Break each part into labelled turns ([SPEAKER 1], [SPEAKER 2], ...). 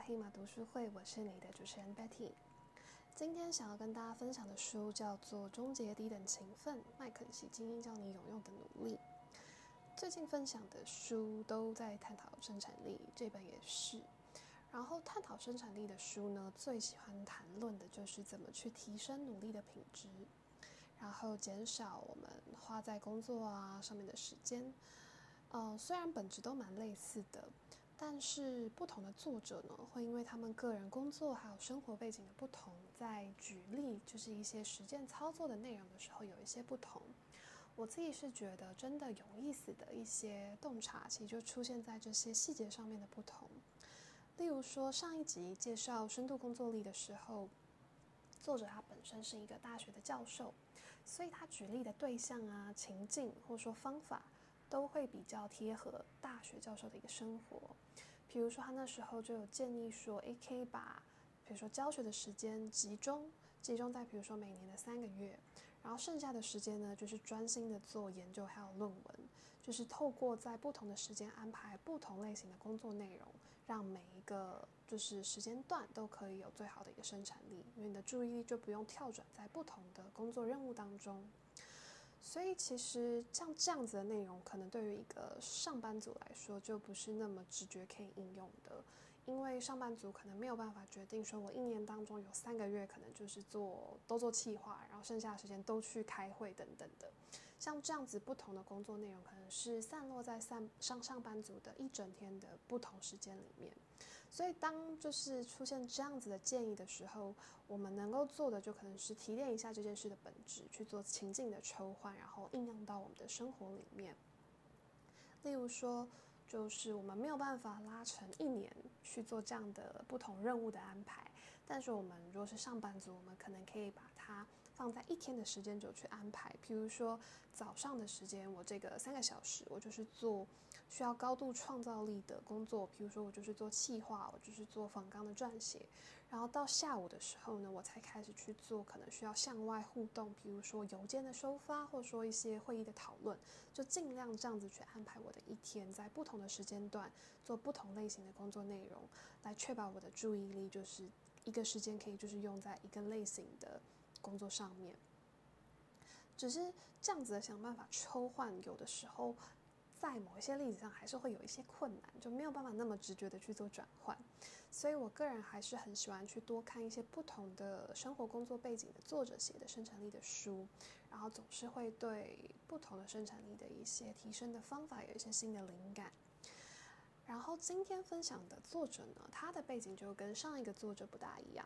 [SPEAKER 1] 黑馬讀書會，我是你的主持人 Betty。今天想要跟大家分享的書叫做《終結低等勤奮：麥肯錫精英教你有用的努力》。最近分享的書都在探討生產力，這本也是。然後探討生產力的書呢，最喜歡談論的就是怎麼去提升努力的品質，然後減少我們花在工作啊上面的時間。呃，雖然本質都蠻類似的。但是不同的作者呢，會因為他們個人工作還有生活背景的不同，在舉例就是一些實踐操作的內容的時候，有一些不同。我自己是覺得真的有意思的一些洞察，其實就出現在這些細節上面的不同。例如說，上一集介紹深度工作力的時候，作者他本身是一個大學的教授，所以他舉例的對象啊、情境或說方法。都會比較貼合大學教授的一個生活，比如說他那時候就有建議說，誒，可以把比如說教學的時間集中，集中在比如說每年的三個月，然後剩下的時間呢，就是專心的做研究還有論文，就是透過在不同的時間安排不同類型的工作內容，讓每一個就是時間段都可以有最好的一個生產力，因為你的注意力就不用跳轉在不同的工作任務當中。所以其實像這樣子的內容，可能對於一個上班族來說就不是那麼直覺可以應用的，因為上班族可能沒有辦法決定說，我一年當中有三個月可能就是做都做計劃，然後剩下的時間都去開會等等的。像這樣子不同的工作內容，可能是散落在散上上班族的一整天的不同時間裡面。所以，當就是出現這樣子的建議的時候，我們能夠做的就可能是提煉一下這件事的本質，去做情境的抽換，然後應用到我們的生活裡面。例如說，就是我們沒有辦法拉成一年去做這樣的不同任務的安排，但是我們如果是上班族，我們可能可以把它放在一天的時間軸去安排。譬如說，早上的時間，我這個三個小時，我就是做。需要高度創造力的工作，比如說我就是做企劃，我就是做訪綱的撰寫，然後到下午的時候呢，我才開始去做可能需要向外互動，比如說郵件的收發，或者說一些會議的討論，就盡量這樣子去安排我的一天，在不同的時間段做不同類型的工作內容，來確保我的注意力就是一個時間可以就是用在一個類型的工作上面，只是這樣子的想辦法抽換，有的時候。在某一些例子上還是會有一些困難，就沒有辦法那麼直覺的去做轉換，所以我個人還是很喜歡去多看一些不同的生活、工作背景的作者寫的生產力的書，然後總是會對不同的生產力的一些提升的方法有一些新的靈感。然後今天分享的作者呢，他的背景就跟上一個作者不大一樣。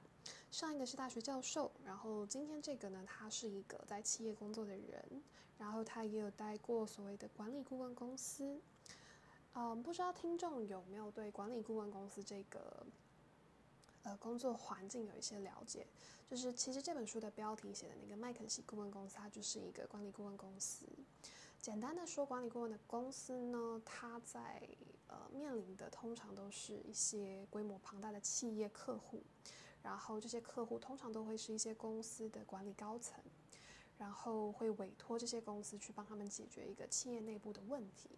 [SPEAKER 1] 上一個是大學教授，然後今天這個呢，他是一個在企業工作的人，然後他也有待過所謂的管理顧問公司。嗯，不知道聽眾有沒有對管理顧問公司這個呃工作環境有一些了解？就是，其實這本書的標題寫的那個麥肯錫顧問公司，它就是一個管理顧問公司。簡單的說，管理顧問的公司呢，它在呃，面臨的通常都是一些規模龐大的企業客戶，然後這些客戶通常都會是一些公司的管理高層，然後會委託這些公司去幫他們解決一個企業內部的問題。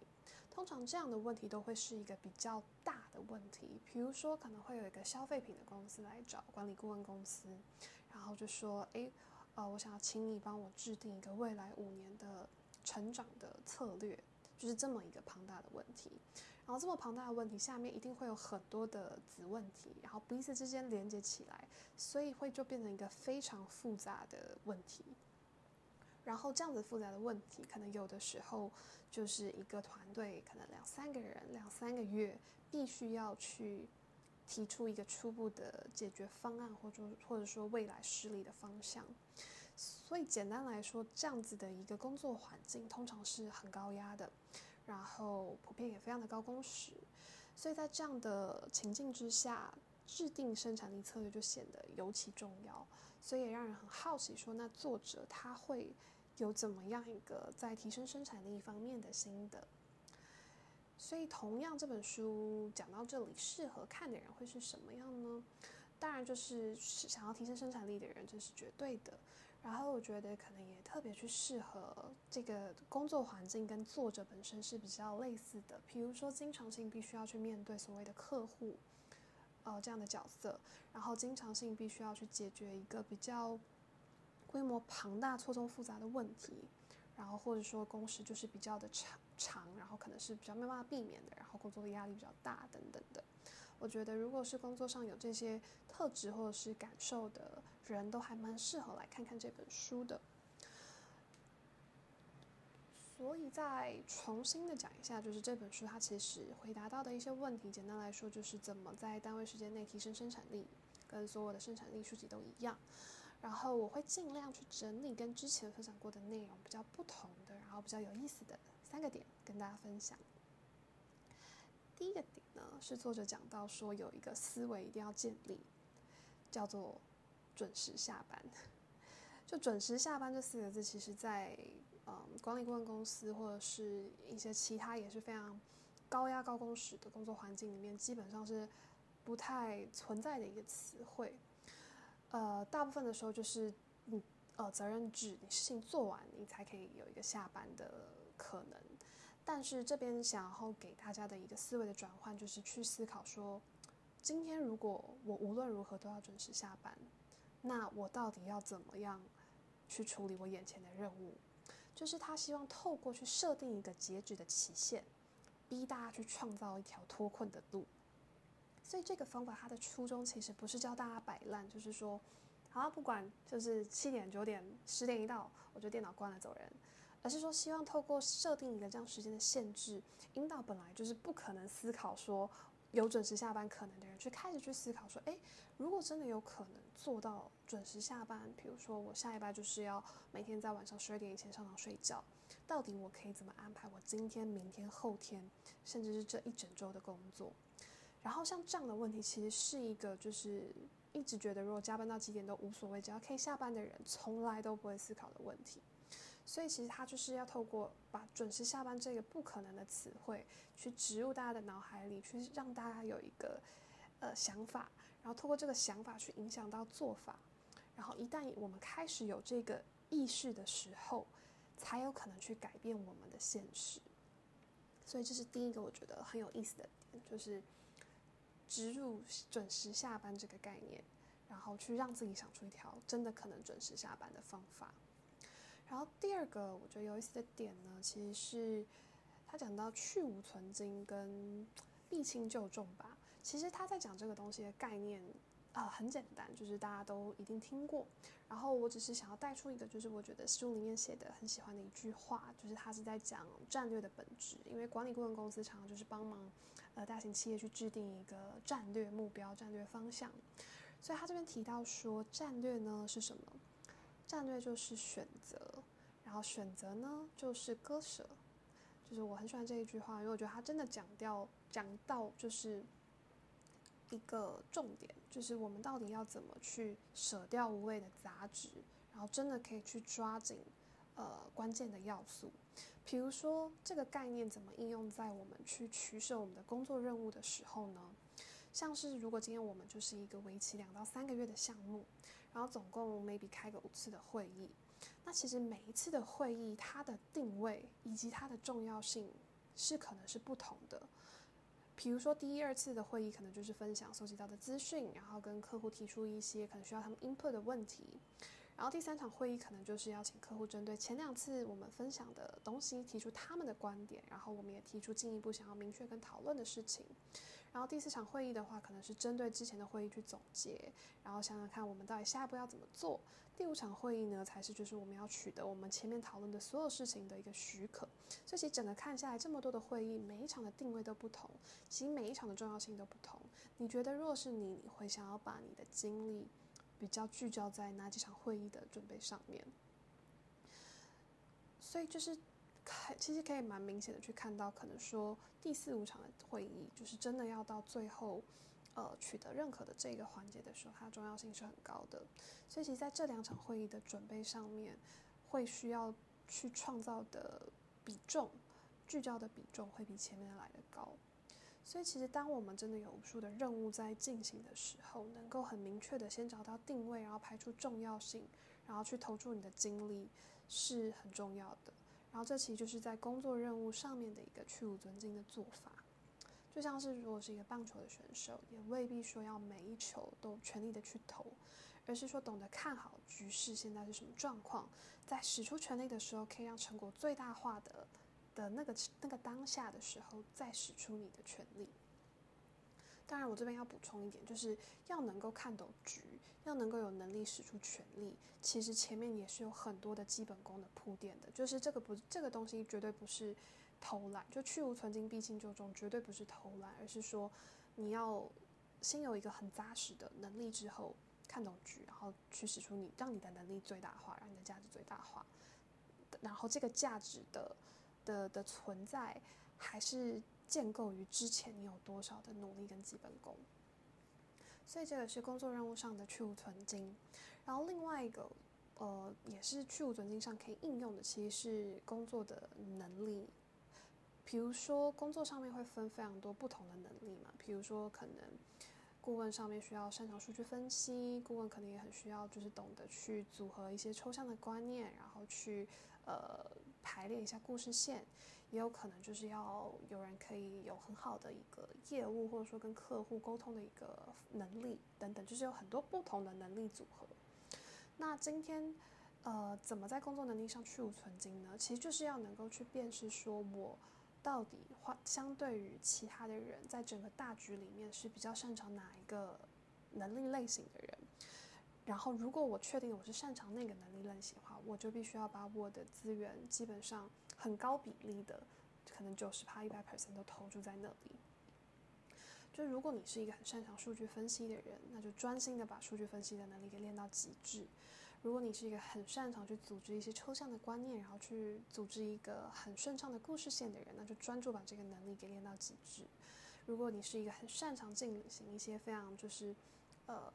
[SPEAKER 1] 通常這樣的問題都會是一個比較大的問題，比如說可能會有一個消費品的公司來找管理顧問公司，然後就說：“哎，呃，我想要請你幫我製定一個未來五年的成長的策略。”就是這麼一個龐大的問題。然後這麼龐大的問題，下面一定會有很多的子問題，然後彼此之間連接起來，所以會就變成一個非常複雜的問題。然後這樣子複雜的問題，可能有的時候就是一個團隊，可能兩三個人，兩三個月，必須要去提出一個初步的解決方案，或者或者說未來實力的方向。所以簡單來說，這樣子的一個工作環境通常是很高壓的。然後普遍也非常的高工時，所以在這樣的情境之下，製定生產力策略就顯得尤其重要。所以也讓人很好奇，說，那作者他會有怎麼樣一個在提升生產力方面的心得？所以同樣，這本書講到這裡，適合看的人會是什麼樣呢？當然就是是想要提升生產力的人，這是絕對的。然後我覺得可能也特別去適合這個工作環境跟作者本身是比較類似的，比如說經常性必須要去面對所謂的客戶，呃、這樣的角色，然後經常性必須要去解決一個比較規模龐大、錯綜複雜的問題，然後或者說工時就是比較的長長，然後可能是比較沒有辦法避免的，然後工作的壓力比較大等等的。我覺得，如果是工作上有這些特質或者是感受的人，都還蠻適合來看看這本書的。所以，再重新的講一下，就是這本書它其實回答到的一些問題，簡單來說就是怎麼在單位時間內提升生產力，跟所有的生產力書籍都一樣。然後，我會盡量去整理跟之前分享過的內容比較不同的，然後比較有意思的三個點，跟大家分享。第一個點呢，是作者講到說，有一個思維一定要建立，叫做準時下班。就準時下班這四個字，其實在，在、呃、嗯管理顧問公司或者是一些其他也是非常高壓、高工時的工作環境裡面，基本上是不太存在的一個詞彙。呃，大部分的時候就是你、嗯、呃責任制，你事情做完，你才可以有一個下班的可能。但是這邊想要給大家的一個思維的轉換，就是去思考說，今天如果我無論如何都要準時下班，那我到底要怎麼樣去處理我眼前的任務？就是他希望透過去設定一個截止的期限，逼大家去創造一條脫困的路。所以這個方法它的初衷其實不是教大家擺爛，就是說，好啊，不管就是七點九點十點一到，我就電腦關了走人。而是說，希望透過設定一個這樣時間的限制，引導本來就是不可能思考說有準時下班可能的人，去開始去思考說，哎，如果真的有可能做到準時下班，比如說我下一班就是要每天在晚上十二點以前上床睡覺，到底我可以怎麼安排我今天、明天、後天，甚至是這一整週的工作？然後像這樣的問題，其實是一個就是一直覺得如果加班到幾點都無所謂，只要可以下班的人，從來都不會思考的問題。所以其實他就是要透過把準時下班這個不可能的詞彙去植入大家的腦海裡，去讓大家有一個呃想法，然後透過這個想法去影響到做法，然後一旦我們開始有這個意識的時候，才有可能去改變我們的現實。所以這是第一個我覺得很有意思的點，就是植入準時下班這個概念，然後去讓自己想出一條真的可能準時下班的方法。然後第二個我覺得有意思的點呢，其實是他講到去蕪存菁跟避輕就重吧。其實他在講這個東西的概念，啊、呃、很簡單，就是大家都一定聽過。然後我只是想要帶出一個，就是我覺得書裡面寫的很喜歡的一句話，就是他是在講戰略的本質。因為管理顧問公司常常就是幫忙呃大型企業去制定一個戰略目標、戰略方向。所以他這邊提到說，戰略呢是什麼？戰略就是選擇，然後選擇呢就是割捨，就是我很喜歡這一句話，因為我覺得它真的講掉講到就是一個重點，就是我們到底要怎麼去舍掉無謂的雜質，然後真的可以去抓緊呃關鍵的要素。比如說這個概念怎麼應用在我們去取舍我們的工作任務的時候呢？像是如果今天我們就是一個為期兩到三個月的項目。然後總共 maybe 開個五次的會議，那其實每一次的會議它的定位以及它的重要性是可能是不同的。比如說第一、二次的會議可能就是分享收集到的資訊，然後跟客戶提出一些可能需要他們 input 的問題。然後第三場會議可能就是邀請客戶針對前兩次我們分享的東西提出他們的觀點，然後我們也提出進一步想要明確跟討論的事情。然後第四場會議的話，可能是針對之前的會議去總結，然後想想看我們到底下一步要怎麼做。第五場會議呢，才是就是我們要取得我們前面討論的所有事情的一個許可。所以其實整個看下來，這麼多的會議，每一場的定位都不同，其實每一場的重要性都不同。你覺得，若是你，你會想要把你的精力比較聚焦在哪幾場會議的準備上面？所以就是。其實可以蠻明顯的去看到，可能說第四五場的會議就是真的要到最後，呃，取得認可的這個環節的時候，它的重要性是很高的。所以其實在這兩場會議的準備上面，會需要去創造的比重、聚焦的比重會比前面來得高。所以其實當我們真的有無數的任務在進行的時候，能夠很明確的先找到定位，然後排除重要性，然後去投注你的精力，是很重要的。然後這其實就是在工作任務上面的一個去蕪存菁的做法，就像是如果是一個棒球的選手，也未必說要每一球都全力的去投，而是說懂得看好局勢，現在是什麼狀況，在使出全力的時候，可以讓成果最大化的的那個那個當下的時候再使出你的全力。當然，我這邊要補充一點，就是要能夠看懂局，要能夠有能力使出全力。其實前面也是有很多的基本功的鋪墊的，就是這個不，這個東西絕對不是偷懶，就去蕪存菁，避輕就重，絕對不是偷懶，而是說你要先有一個很扎實的能力之後看懂局，然後去使出你，讓你的能力最大化，讓你的價值最大化，然後這個價值的的的存在還是。建構於之前你有多少的努力跟基本功，所以這個是工作任務上的去蕪存菁，然後另外一個，呃，也是去蕪存菁上可以應用的，其實是工作的能力。比如說工作上面會分非常多不同的能力嘛，比如說可能顧問上面需要擅長數據分析，顧問可能也很需要就是懂得去組合一些抽象的觀念，然後去呃排列一下故事線。也有可能就是要有人可以有很好的一個業務，或者說跟客戶溝通的一個能力等等，就是有很多不同的能力組合。那今天，呃，怎麼在工作能力上去蕪存菁呢？其實就是要能夠去辨識，說我到底相對於其他的人，在整個大局裡面是比較擅長哪一個能力類型的人。然後，如果我確定我是擅長那個能力類型的話，我就必須要把我的資源基本上。很高比例的，就可能九十趴、一百 percent 都投注在那裡。就如果你是一個很擅長數據分析的人，那就專心的把數據分析的能力給練到極致；如果你是一個很擅長去組織一些抽象的觀念，然後去組織一個很順暢的故事線的人，那就專注把這個能力給練到極致；如果你是一個很擅長進行一些非常就是，呃。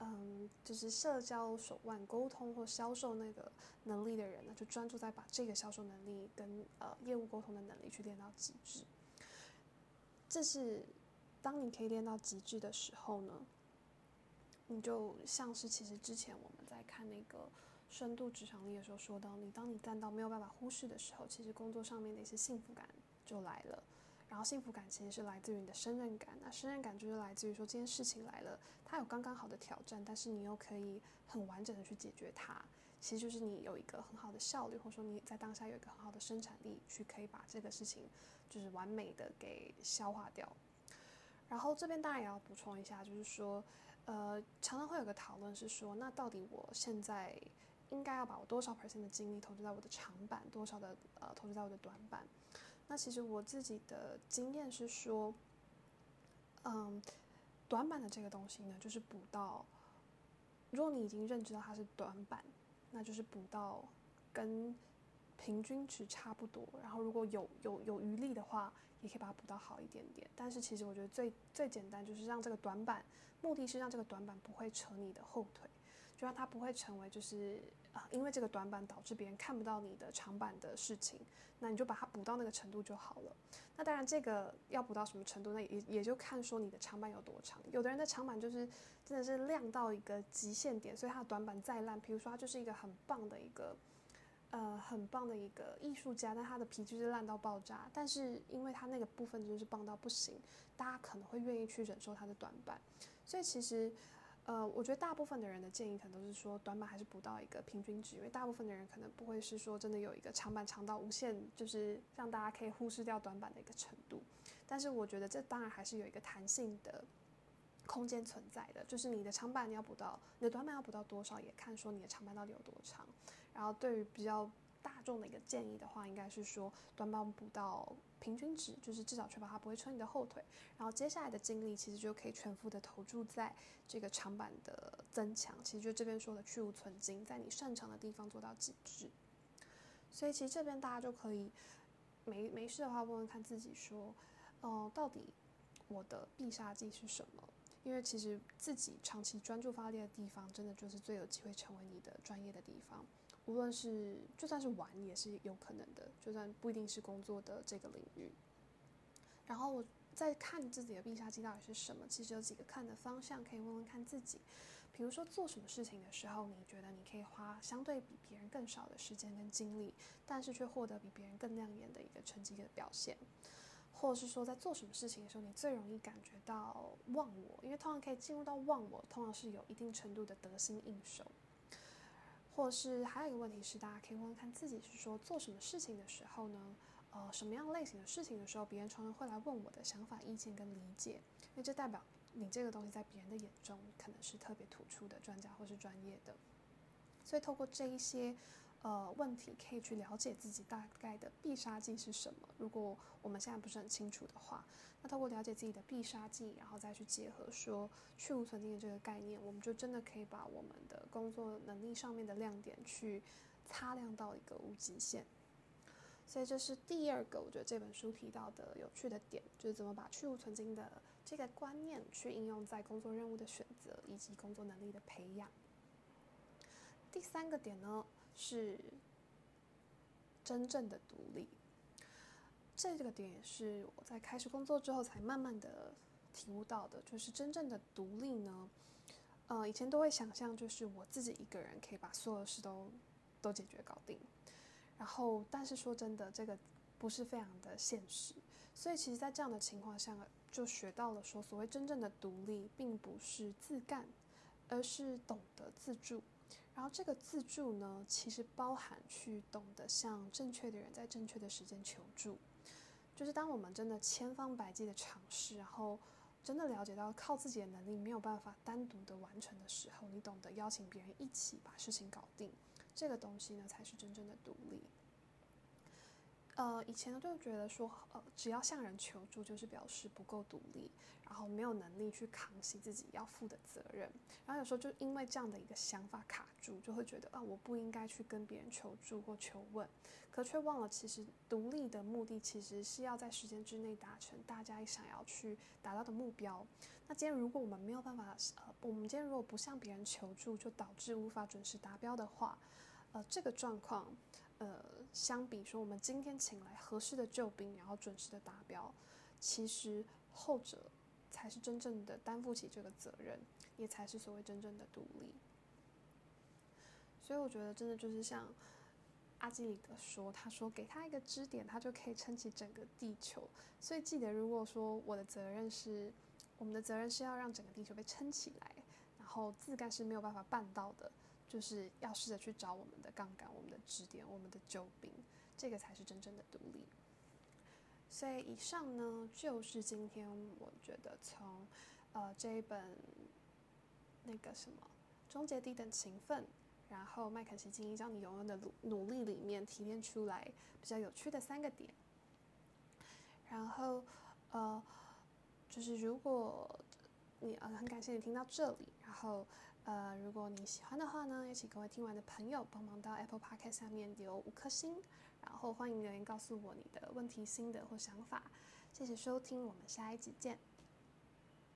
[SPEAKER 1] 嗯，就是社交手腕、溝通或銷售那個能力的人呢，就專注在把這個銷售能力跟呃業務溝通的能力去練到極致。這是當你可以練到極致的時候呢，你就像是其實之前我們在看那個深度職場力的時候說到你，你當你幹到沒有辦法忽視的時候，其實工作上面的一些幸福感就來了。然後幸福感其實是來自於你的勝任感，那勝任感就是來自於說這件事情來了，它有剛剛好的挑戰，但是你又可以很完整的去解決它，其實就是你有一個很好的效率，或者說你在當下有一個很好的生產力，去可以把這個事情就是完美的給消化掉。然後這邊當然也要補充一下，就是說，呃，常常會有個討論是說，那到底我現在應該要把我多少 percent 的精力投資在我的長板，多少的呃投資在我的短板？那其實我自己的經驗是說，嗯，短板的這個東西呢，就是補到，如果你已經認知到它是短板，那就是補到跟平均值差不多，然後如果有有有餘力的話，也可以把它補到好一點點，但是其實我覺得最最簡單就是讓這個短板，目的是讓這個短板不會扯你的後腿。就讓它不會成為，就是啊、呃，因為這個短板導致別人看不到你的長板的事情，那你就把它補到那個程度就好了。那當然，這個要補到什麼程度呢，那也也就看說你的長板有多長。有的人的長板就是真的是亮到一個極限點，所以他的短板再爛，譬如說它就是一個很棒的一個，呃，很棒的一個藝術家，但他的皮就是爛到爆炸。但是因為他那個部分就是棒到不行，大家可能會願意去忍受他的短板。所以其實。呃，我覺得大部分的人的建議可能都是說短板還是補到一個平均值，因為大部分的人可能不會是說真的有一個長板長到無限，就是讓大家可以忽視掉短板的一個程度。但是我覺得這當然還是有一個彈性的空間存在的，就是你的長板你要補到，你的短板要補到多少也看說你的長板到底有多長。然後對於比較大眾的一個建議的話，應該是說短板補到，平均值，就是至少確保它不會扯你的後腿，然後接下來的精力其實就可以全副的投注在這個長板的增強，其實就這邊說的去無存菁在你擅長的地方做到極致。所以其實這邊大家就可以沒沒事的話問問看自己說，哦、呃，到底我的必殺技是什麼？因為其實自己長期專注發力的地方，真的就是最有機會成為你的專業的地方。無論是，就算是玩也是有可能的，就算不一定是工作的這個領域。然後我在看自己的必殺技到底是什麼，其實有幾個看的方向可以問問看自己。比如說做什麼事情的時候，你覺得你可以花相對比別人更少的時間跟精力，但是卻獲得比別人更亮眼的一個成績的表現，或者是說在做什麼事情的時候，你最容易感覺到忘我，因為通常可以進入到忘我，通常是有一定程度的得心應手。或是還有一個問題是，大家可以問問看自己是說做什麼事情的時候呢？呃，什麼樣類型的事情的時候，別人常常會來問我的想法、意見跟理解，因為這代表你這個東西在別人的眼中可能是特別突出的專家或是專業的。所以，透過這一些。呃，問題可以去了解自己大概的必殺技是什麼。如果我們現在不是很清楚的話，那透過了解自己的必殺技，然後再去結合說去蕪存菁的這個概念，我們就真的可以把我們的工作能力上面的亮點去擦亮到一個無極限。所以這是第二個，我覺得這本書提到的有趣的點，就是怎麼把去蕪存菁的這個觀念去應用在工作任務的選擇以及工作能力的培養。第三個點呢，是真正的獨立，這個點也是我在開始工作之後才慢慢的體悟到的。就是真正的獨立呢，呃，以前都會想象，就是我自己一個人可以把所有事都都解決搞定。然後，但是說真的，這個不是非常的現實。所以，其實在這樣的情況下，就學到了說，所謂真正的獨立，並不是自幹，而是懂得自助。然後這個自助呢，其實包含去懂得向正確的人在正確的時間求助，就是當我們真的千方百計的嘗試，然後真的了解到靠自己的能力沒有辦法單獨的完成的時候，你懂得邀請別人一起把事情搞定，這個東西呢，才是真正的獨立。呃，以前呢就覺得說，呃，只要向人求助，就是表示不夠獨立，然後沒有能力去扛起自己要負的責任，然後有時候就因為這樣的一個想法卡住，就會覺得啊、呃，我不應該去跟別人求助或求問，可卻忘了其實獨立的目的其實是要在時間之內達成大家想要去達到的目標。那今天如果我們沒有辦法，呃，我們今天如果不向別人求助，就導致無法準時達標的話，呃，這個狀況。呃，相比說我們今天請來合適的救兵，然後準時的達標，其實後者才是真正的擔負起這個責任，也才是所謂真正的獨立。所以我覺得真的就是像阿基米德說，他說給他一個支點，他就可以撐起整個地球。所以記得，如果說我的責任是，我們的責任是要讓整個地球被撐起來，然後自幹是沒有辦法辦到的。就是要試着去找我們的槓桿、我們的支點、我們的救兵，這個才是真正的獨立。所以以上呢，就是今天我覺得從呃這一本那個什麼《終結低等勤奮》，然後《麥肯錫精英教你永遠的努努力》裡面提煉出來比較有趣的三個點。然後呃，就是如果你呃很感謝你聽到這裡，然後。呃，如果你喜歡的話呢，也請各位聽完的朋友幫忙到 Apple Podcast 下面留五顆星，然後歡迎留言告訴我你的問題心得或想法。謝謝收聽，我們下一集見。